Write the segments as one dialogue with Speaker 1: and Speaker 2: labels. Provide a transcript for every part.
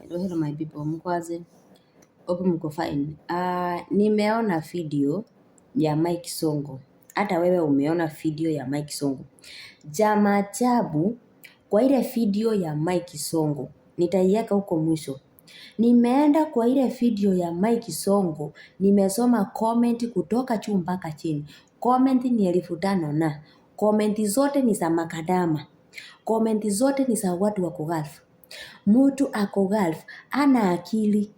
Speaker 1: Hello, hello my people. Mkwaze. Hope mko fine. Uh, nimeona video ya Mike Songo. Hata wewe umeona video ya Mike Songo. Jama maajabu kwa ile video ya Mike Songo. Nitaiweka huko mwisho. Nimeenda kwa ile video ya Mike Songo, nimesoma comment kutoka juu mpaka chini. Comment ni elfu tano na comment zote ni za makadama, comment zote ni za watu wa kughafu. Mtu ako gulf ana akili,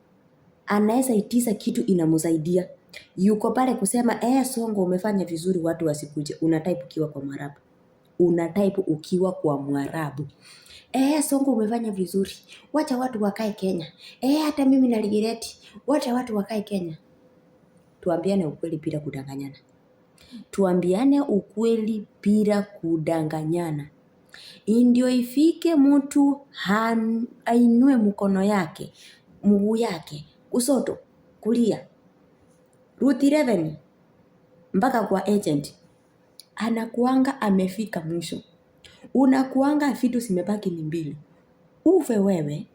Speaker 1: anaweza itiza kitu inamsaidia. Yuko pale kusema eh, songo umefanya vizuri, watu wasikuje. type ukiwa kwa Mwarabu, type ukiwa kwa Mwarabu. Eh, songo umefanya vizuri, wacha watu wakae Kenya. Eh, hata mimi na regret, wacha watu wakae Kenya. Tuambiane ukweli bila kudanganyana, tuambiane ukweli bila kudanganyana indio ifike mutu ainue mkono yake mguu yake kusoto kulia ruth 11 mpaka kwa agent anakuanga amefika mwisho. Unakuanga vitu zimebaki ni mbili, ufe wewe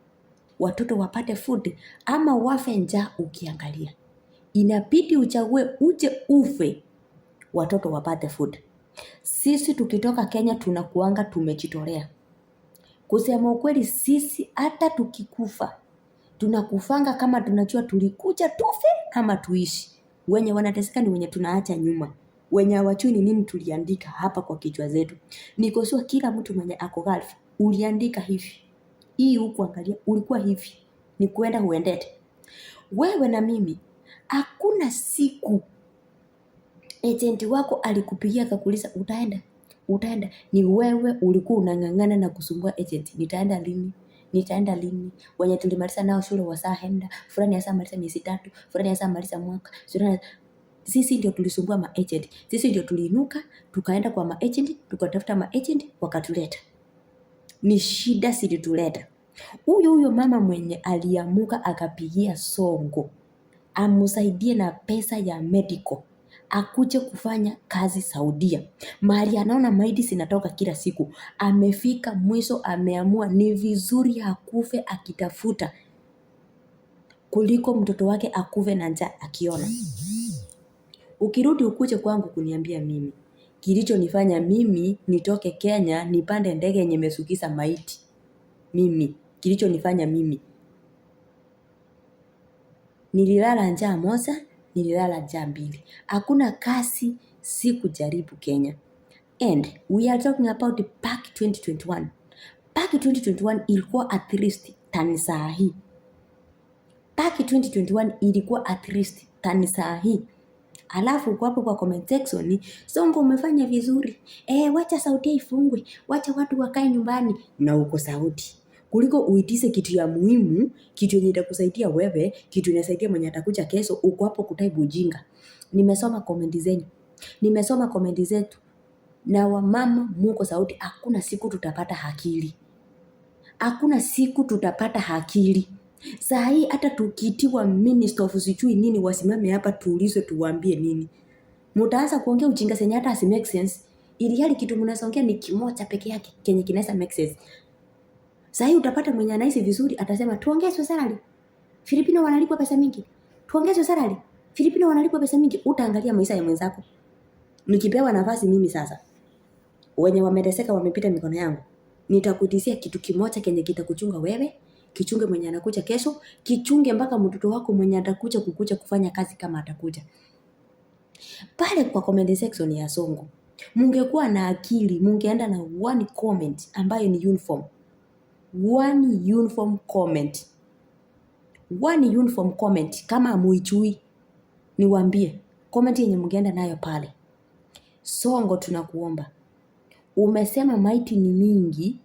Speaker 1: watoto wapate food ama wafe njaa. Ukiangalia inabidi uchague uje ufe watoto wapate food. Sisi tukitoka Kenya tunakuanga tumejitolea. Kusema ukweli, sisi hata tukikufa tunakufanga kama tunajua tulikuja tufe ama tuishi. Wenye wanateseka ni wenye tunaacha nyuma, wenye hawajui ni nini tuliandika hapa kwa kichwa zetu. Nikosua kila mtu mwenye ako Gulf, uliandika hivi hii huku, angalia, ulikuwa hivi, ni kuenda uendete. Wewe na mimi, hakuna siku Ejenti wako alikupigia akakuuliza utaenda, utaenda. Ni wewe ulikuwa unang'ang'ana na kusumbua ejenti, nitaenda lini nitaenda lini wenye tulimaliza nao shule wasahenda fulani maliza miezi tatu fulani maliza mwaka fulani sisi ndio tulisumbua ma agent, sisi ndio tuliinuka tukaenda kwa ma agent, tukatafuta ma agent, wakatuleta ni shida zilituleta huyo huyo mama mwenye aliamuka akapigia songo amusaidie na pesa ya medical akuje kufanya kazi Saudia. Mahali anaona maiti zinatoka kila siku, amefika mwisho, ameamua ni vizuri akufe akitafuta kuliko mtoto wake akuve na njaa akiona. Ukirudi ukuje kwangu kuniambia mimi kilichonifanya mimi nitoke Kenya nipande ndege yenye imesukisa maiti. Mimi kilichonifanya mimi nililala njaa moja, nililala jaa mbili. Hakuna si kujaribu Kenya. And we are talking about PAK 2021. PAK 2021 ilikuwa at least tani saa hii. PAK 2021 ilikuwa at least tani saa hii. Alafu uko hapo kwa comment section, umefanya vizuri. Eh, wacha sauti ifungwe, wacha watu wakae nyumbani na uko sauti kuliko uitise kitu ya muhimu, kitu yenye itakusaidia wewe, kitu inasaidia mwenye atakuja kesho. Uko hapo kutaibu ujinga. Nimesoma komenti zenu, nimesoma komenti zetu, na wamama muko sauti. Hakuna siku tutapata akili, hakuna siku tutapata akili. Saa hii hata tukitiwa minister of sijui nini, wasimame hapa tuulizwe, tuwaambie nini, mutaanza kuongea ujinga senye hata asi make sense, ili hali kitu mnasongea ni kimoja peke yake kenye kinaweza make sense. Sasa hii utapata mwenye anahisi vizuri atasema tuongezwe salary. Filipino wanalipwa pesa mingi. Tuongezwe salary. Filipino wanalipwa pesa mingi. Utaangalia maisha ya mwenzako. Nikipewa nafasi mimi sasa, wenye wameteseka wamepita mikono yangu, nitakutisia kitu kimoja kenye kitakuchunga wewe, kichunge mwenye anakuja kesho, kichunge mpaka mtoto wako mwenye atakuja kukuja kufanya kazi kama atakuja pale kwa comment section ya Songo. Mungekuwa na akili, mungeenda na one comment ambayo ni uniform one uniform comment, one uniform comment. Kama amuichui niwaambie comment yenye mgenda nayo pale. Songo, tunakuomba, umesema maiti ni mingi,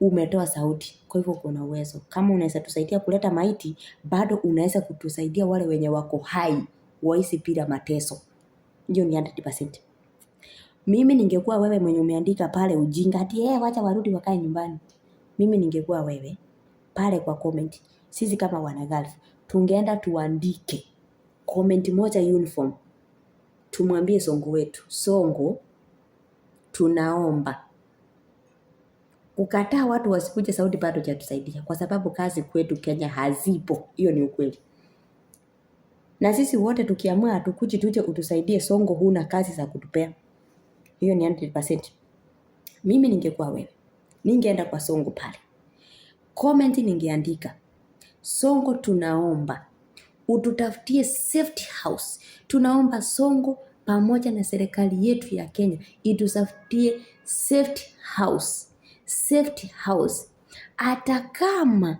Speaker 1: umetoa sauti, kwa hivyo uko na uwezo. Kama unaweza tusaidia kuleta maiti, bado unaweza kutusaidia wale wenye wako hai waisi pira mateso. Hiyo ni 100%. Mimi ningekuwa wewe mwenye umeandika pale ujinga, ati eh, wacha warudi wakae nyumbani mimi ningekuwa wewe pale kwa comment, sisi kama wanagirls tungeenda tuandike comment moja uniform, tumwambie Songo wetu, Songo tunaomba kukataa watu wasikuje Saudi bado hajatusaidia, kwa sababu kazi kwetu Kenya hazipo. Hiyo ni ukweli, na sisi wote tukiamua hatukuji tuje utusaidie, Songo huna kazi za kutupea. Hiyo ni 100%. Mimi ningekuwa wewe Ningeenda kwa Songo pale. Comment ningeandika. Songo tunaomba ututafutie safety house. Tunaomba Songo pamoja na serikali yetu ya Kenya itusafutie safety house. Safety house. Hata kama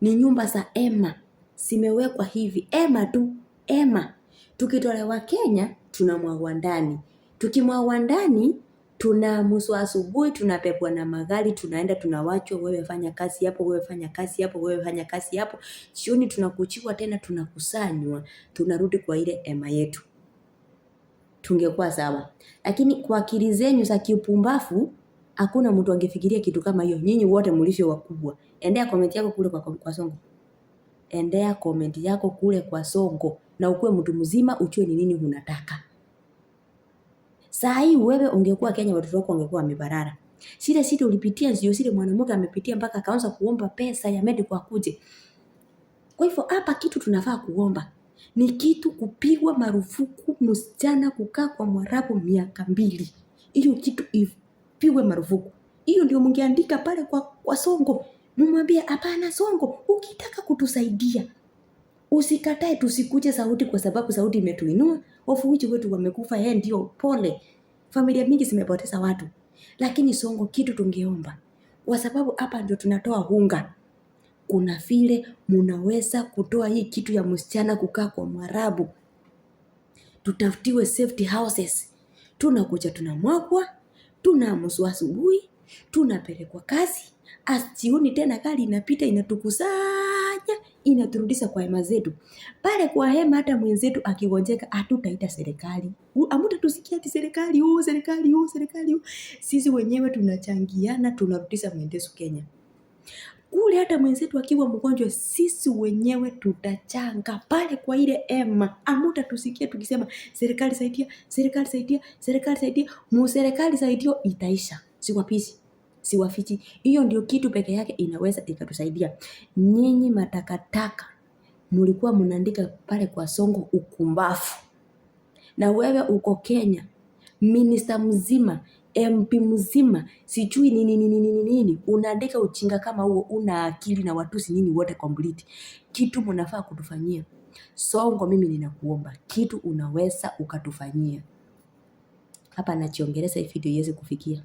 Speaker 1: ni nyumba za ema zimewekwa hivi ema tu ema, tukitolewa Kenya tunamwagwa ndani, tukimwagwa ndani tunaamswa asubuhi, tunapepwa na magari, tunaenda tunawachwa, wewe fanya kazi hapo, wewe fanya kazi hapo, wewe fanya kazi hapo. Jioni tunakuchiwa tena, tunakusanywa, tunarudi kwa ile hema yetu. Tungekuwa sawa, lakini kwa akili zenyu za kiupumbavu hakuna mtu angefikiria kitu kama hiyo. Nyinyi wote mlivyo wakubwa. Endea komenti yako kule kwa, kwa Songo, endea komenti yako kule kwa Songo na ukuwe mtu mzima, ujue ni nini unataka. Saa hii wewe ungekuwa Kenya, watoto wako wangekuwa wamebarara. Sile sile ulipitia zio, sile mwanamke amepitia mpaka akaanza kuomba pesa ya medical akuje. Kwa hivyo hapa kitu tunafaa kuomba ni kitu kupigwa marufuku msichana kukaa kwa Mwarabu miaka mbili. Hiyo kitu ipigwe marufuku. Hiyo ndio mngeandika pale kwa, kwa Songo. mumwambie hapana Songo, ukitaka kutusaidia Usikatae tusikuje sauti kwa sababu sauti imetuinua, of which wetu wamekufa, yeye ndio pole. Familia mingi zimepoteza watu. Lakini Songo, kitu tungeomba kwa sababu hapa ndio tunatoa hunga. Kuna vile munaweza kutoa hii kitu ya msichana kukaa kwa Mwarabu, tutafutiwe safety houses. Tunakuja tunamwagwa, tunaamswa asubuhi, tunapelekwa kazi asioni ah, tena, kali inapita inatukusanya, inaturudisha kwa hema zetu. Pale kwa hema, hata mwenzetu akigonjeka, hatutaita serikali, amuta tusikia ati serikali huu, serikali huu, serikali huu. Sisi wenyewe tunachangiana, tunarudisha mwendesu Kenya kule. Hata mwenzetu akiwa mgonjwa, sisi wenyewe tutachanga pale kwa ile hema, tusikia tukisema serikali saidia, serikali saidia, serikali saidia. Mu serikali saidio itaisha, sikwapishi siwafichi. Hiyo ndio kitu peke yake inaweza ikatusaidia nyinyi. Matakataka mlikuwa mnaandika pale kwa Songo ukumbafu, na wewe uko Kenya, minista mzima MP mzima sijui nini nini nini nini, unaandika uchinga kama huo, una akili na watusi nini wote complete. Kitu mnafaa kutufanyia Songo, mimi ninakuomba kitu unaweza ukatufanyia hapa, nachiongeleza hii video iweze kufikia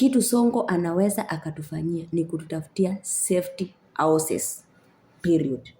Speaker 1: kitu Sonko anaweza akatufanyia ni kututafutia safety houses period.